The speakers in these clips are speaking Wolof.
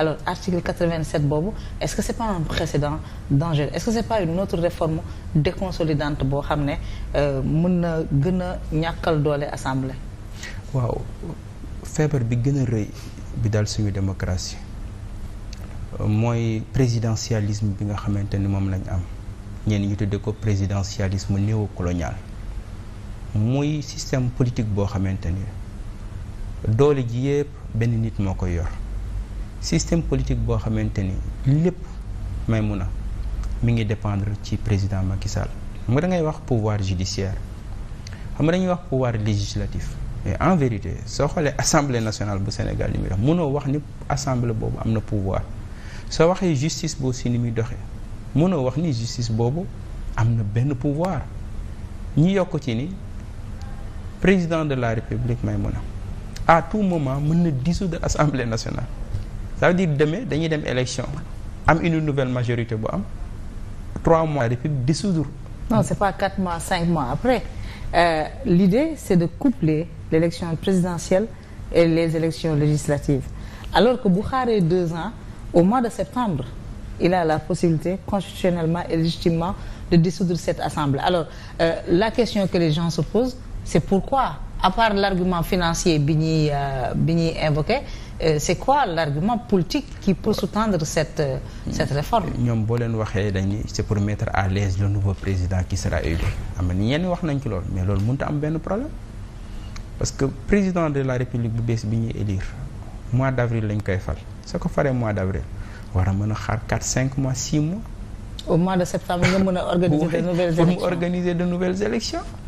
alors article 87 boobu est-ce que c'est pas un précédent dangereux est-ce que c'est pas une autre réforme déconsolidante boo xam ne euh, mën na gën a ñàkkal doole assemblée. waaw feebar bi gën a rëy bi daal suñu démocratie mooy présidentialisme bi nga xamante ni moom lañ am ñenn ñu tuddee ko présidentialisme néocolonial muy système politique boo xamante ni doole ji yépp benn nit moo koy yor. système politique boo xamante ni lépp may mun a mu ngi dépendre ci président Macky Sall xam nga da ngay wax pouvoir judiciaire xam nga dañuy wax pouvoir législatif mais en vérité soo xoolee assemblée nationale bu Sénégal li muy dox mënoo wax ni assemblée boobu am na pouvoir soo waxee justice boo si ni muy doxee mënoo wax ni justice boobu am na benn pouvoir ñu yokk ci ni président de la république may mun a à tout moment mën na dissoudre assemblée nationale ça veut dire demain dañuy dem élection am une nouvelle majorité bu am trois mois la République dissoudre non c'est pas quatre mois cinq mois après euh, l'idée c'est de coupler l'élection présidentielle et les élections législatives alors que bu xaaree deux ans au mois de septembre il a la possibilité constitutionnellement et légitimement de dissoudre cette assemblée alors euh, la question que les gens se posent c'est pourquoi à part l'argument financier bi ñuy euh, bi ñuy invoqué euh, c'est quoi l'argument politique qui peut sous-tendre cette euh, cette réforme ñoom boo leen waxee dañ ni c'est pour mettre à l'aise le nouveau président qui sera élu am na ñenn wax nañ ci loolu mais loolu mënut a am benn problème parce que président de la république bu bees bi ñuy élire mois d'avril lañ koy fal soo ko faree mois d'avril war a mën a xaar 4 5 mois 6 mois au mois de septembre nga mën a organiser de nouvelles élections pour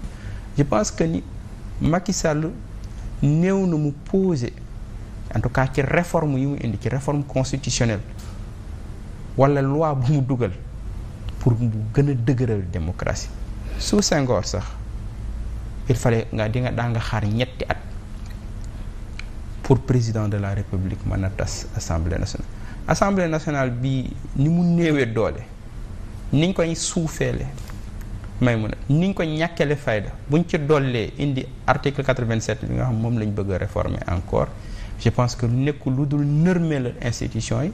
je pense que ni Macky Sall néew na mu poser en tout cas ci réforme yi mu indi ci réforme constitutionnelle wala loi bu mu dugal pour mu gën a dëgëral démocratie su Senghor sax il fallait nga di nga daa xaar ñetti at pour président de la république mën a tas assemblée nationale assemblée nationale bi ni mu néewee doole niñ koy suufeele may mun a ni ñu ko ñàkkale fayda buñ ci dollee indi article 87 bi nga xam moom lañ bëgg a réformer encore je pense que nekku lu dul nërmeelal institution yi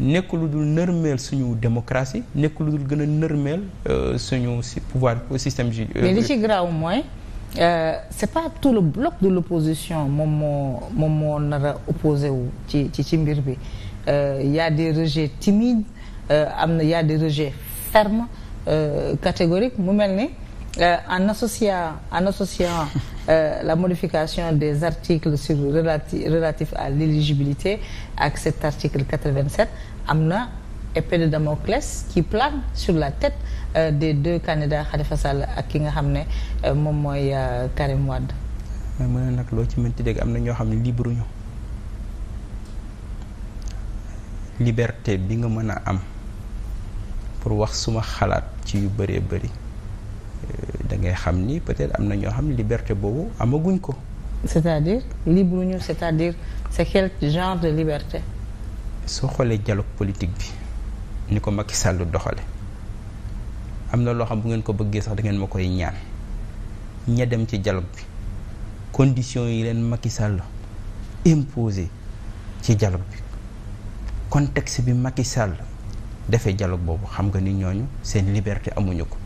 nekk lu dul nërmeel suñu démocratie nekk lu dul gën a nërmeel euh, suñu si pouvoir système ju euh, li ci garaaw mooy euh, c'est pas tout le bloc de l'opposition moom moo moom moo wu ci ci ci mbir bi y a des rejets timides am na y a des rejets Euh, catégorique mu mel ni euh, en associant en euh, associant la modification des articles sur relatif relatifs à l'éligibilité ak cet article 87 am na épée de Damoclès qui plane sur la tête de deux candidats Khalifa Sall ak ki nga xam ne moom mooy Karim Wade. mais mu ne loo ci mënti dégg am na ñoo xam ne libre ñu liberté bi nga mën a am. pour wax suma xalaat ci yu bëree bëri euh, da ngay xam ni peut-être am na ñoo xam liberté boobu amaguñ ko. c'est-à-dire libre ñu à dire c'est quel genre liberté. soo xoolee dialogue politique bi ni ko Macky Sall doxale am na loo xam bu ngeen ko bëggee sax da ngeen ma koy ñaan ña dem ci dialogue bi conditions yi leen Macky Sall imposé ci dialogue bi contexte bi Macky Sall defee jaloog boobu xam nga ni ñooñu seen liberté amuñu ko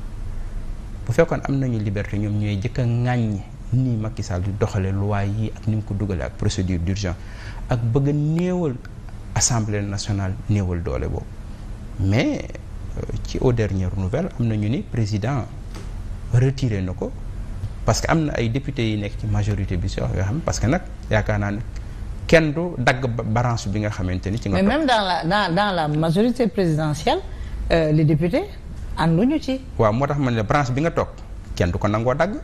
bu fekkoon am nañu liberté ñoom ñooy jëkk a ŋàññi nii Macky Sall di doxale loi yi ak ni mu ko dugalee ak procédure d'urgence ak bëgg néewal assemblée nationale néewal doole boobu mais euh, ci aux dernières nouvelles am na ñu ni président retiré na ko parce que am na ay députés yi nekk ci majorité bi si wax yoo xam parce que nag yaakaar naa ne kenn du dagg branche bi nga xamante ni. ci nga mais même dans la dans dans la majorité présidentielle euh, député députés ñu ci. waaw moo tax ma ne branche bi nga toog kenn du ko nangoo dagg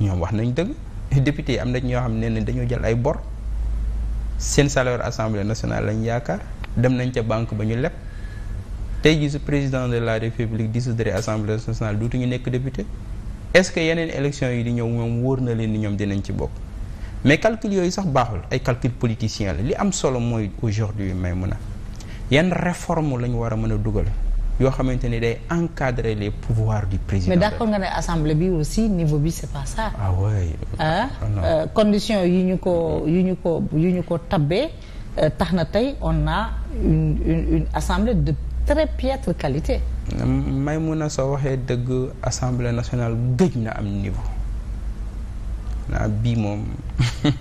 ñoom wax nañ dëgg député yi am na ñoo xam ne ne dañoo jël ay bor seen salaire assemblée nationale lañ yaakaar dem nañ ca banque ba ñu leb tey jii su président de la république dissoudre assemblée nationale ñu nekk député est-ce que yeneen élection yi di ñëw moom wóor na leen ni ñoom dinañ ci bokk. mais calcul yooyu sax baaxul ay calcul politicien la li am solo mooy aujourd'hui may mun a yan réforme la ñu war a mën a dugal yoo xamante ni day encadrer les pouvoirs du président. mais d'accord nga ne assemblée bi aussi niveau bi c'est pas ça. ah oui ah euh, conditions yu ñu ko mm-hmm. yu ñu ko yu ñu ko tabbee euh, tax na tey on na une une une assemblée de très piètre qualité. Maïmouna soo waxee dëgg assemblée nationale gëj na am niveau. ah bii moom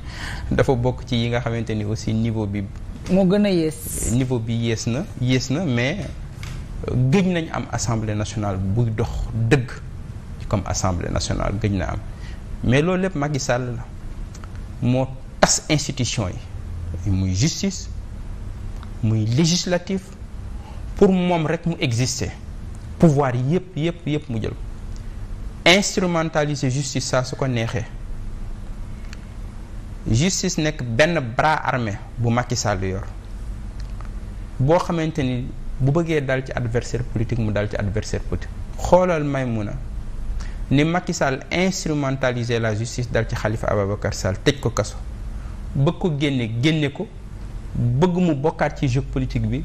dafa bokk ci yi nga xamante ni aussi niveau bi. moo gën a yées. Eh, niveau bi yées na yées na mais euh, gëj nañ am assemblée nationale buy dox dëgg comme assemblée nationale gëj na am mais loolu lépp Macky Sall la moo tas institution yi muy justice muy législatif pour moom rek mu exister pouvoir yëpp yëpp yëpp mu jël instrumentaliser justice saa su ko neexee. justice nekk benn bras armé bu Macky Sall yor boo xamante ni bu bëggee dal ci adversaire politique mu dal ci adversaire politique xoolal Maymuna ni Macky Sall instrumentaliser la justice dal ci Khalifa Ababacar Sall tëj ko kaso bëgg ko génne génne ko bëgg mu bokkaat ci jeu politique bi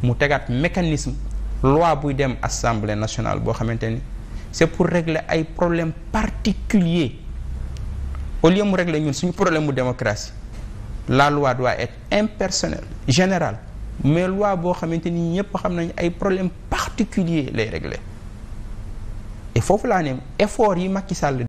mu tegaat mécanisme loi buy dem assemblée nationale boo xamante ni c'est pour régler ay problèmes particuliers au lieu mu régler ñun suñu problème mu démocratie la loi doit être impersonnelle générale mais loi boo xamante ni ñëpp xam nañ ay problèmes particuliers lay régler et foofu laa ne effort yi Macky Sall